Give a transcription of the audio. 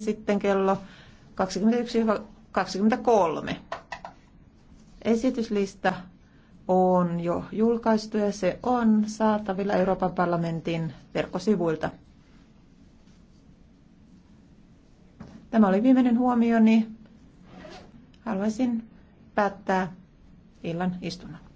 sitten kello 21-23. Esityslista on jo julkaistu ja se on saatavilla Euroopan parlamentin verkkosivuilta. Tämä oli viimeinen huomioni. Haluaisin päättää illan istunnon.